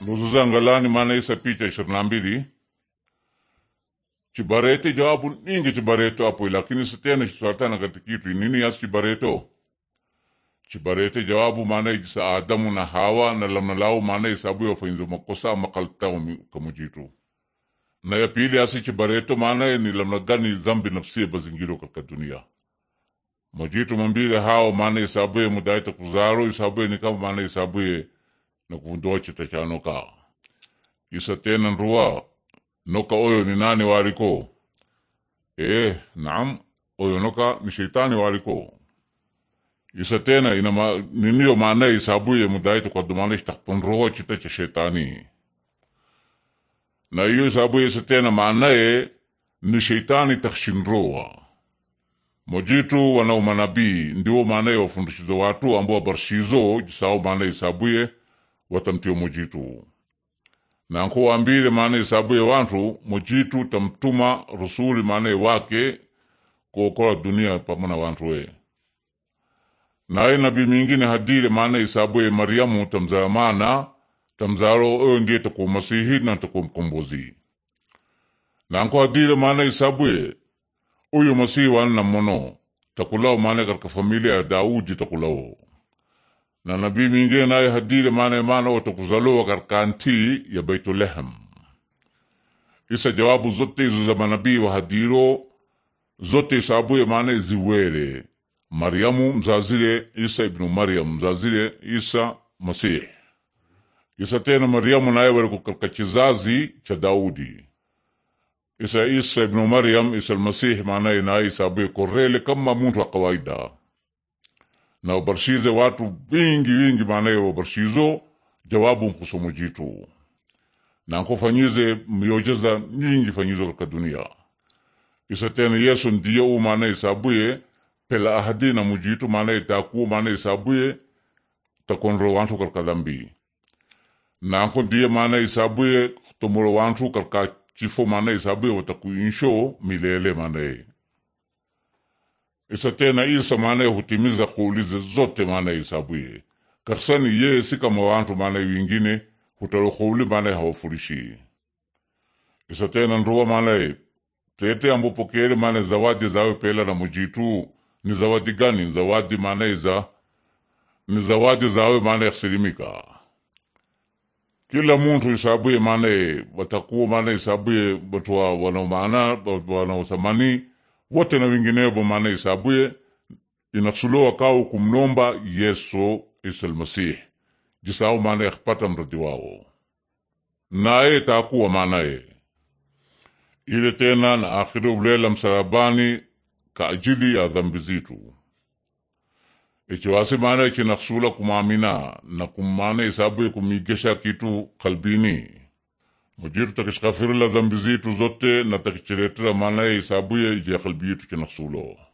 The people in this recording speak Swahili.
nuzuza ngalani maana isa picha ishirini na mbili chibarete jawabu ningi chibareto apo lakini sitena chiswartana katikitu inini yas chibareto chibarete jawabu maana isa adamu na hawa na lamnalau maana isabu yafainzo makosa makaltao kamujitu na ya pili asi chibareto maana ni lamna gani dhambi nafsi bazingiro katika dunia majitu mambile hao maana ya mudaita kuzaro isabuye ni kama maana ya nakuvundoche tachanoka isa tena nrua noka oyo ni nani waliko ee eh, naam oyo noka ni sheitani waliko isa tena ina niniyo maanaye isabuye mudaitu kadumanish takpunroche cha sheitani na iyo isabuye isa tena maanaye ni sheitani takshinroa mojitu wanao manabii ndio maanaye wafundishizo watu ambao barshizo jisao maanaye isabuye watamtiyo mujitu nanku wambile maana isabu ya wantu mujitu tamtuma rusuli maana wake kuokola dunia pamona wantu we naye nabii mingine hadile maana isabu ya Mariamu tamzala mana tamzalo oyo ndiye taku masihi na taku mkombozi nanko hadile maana isabu ya uyu masihi wana mono takulao maana katika familia ya Daudi takulao na nabii minge naye hadile mana imana katika karkanti ya Baitulaham isa jawabu zote hizo za manabii wa hadiro zote isabuye maana iziwere Mariamu mzazire Isa ibnu Mariam mzazire Isa Masih isa tena Mariamu naye wale kukarka kizazi cha Daudi isa Isa ibnu Mariam isa al-Masih maana naye isabuye korele kama muntu wa kawaida na ubarishize watu vingi vingi maana maanaye ubarishizo jawabu mkusomo jitu na nkufanyize miujiza nyingi fanyizo katika dunia isatene yesu ndiye u maana isabuye pela ahadi na mujitu maana takuo maana isabuye takonro wantu katika dhambi na nku ndiye maana isabuye tomoro wantu katika chifo maana isabuye watakuinsho milele maanaye Isa tena Isa maana ya hutimiza kuulize zote maana ya isabuye karsani yeye si kama wantu maana wingine hutalokuuli maana hawafurishi isa tena nduwa maana tete ambupokele maana zawadi zawe pela na mujitu ni zawadi gani ni zawadi maana za ni zawadi zawe maana yasilimika kila muntu isabuye maana batakuwa maana isabuye batu wanaomaana wanaothamani wote na wengineo maana isabuye inaksulowa kau kumlomba Yesu Isa Almasih jisawo maana yakhpata mradi wao naye takuwa maanaye ile tena na akhiri ulela msalabani ka ajili ya dhambi zitu ichiwasi maana ichinakshula kumamina na kumana isabuye kumigesha kitu kalbini Mujiri tutakishikafiri la dhambi zitu zote na takichiretera maana ya hisabu ye ya kalbi yetu kina ksulo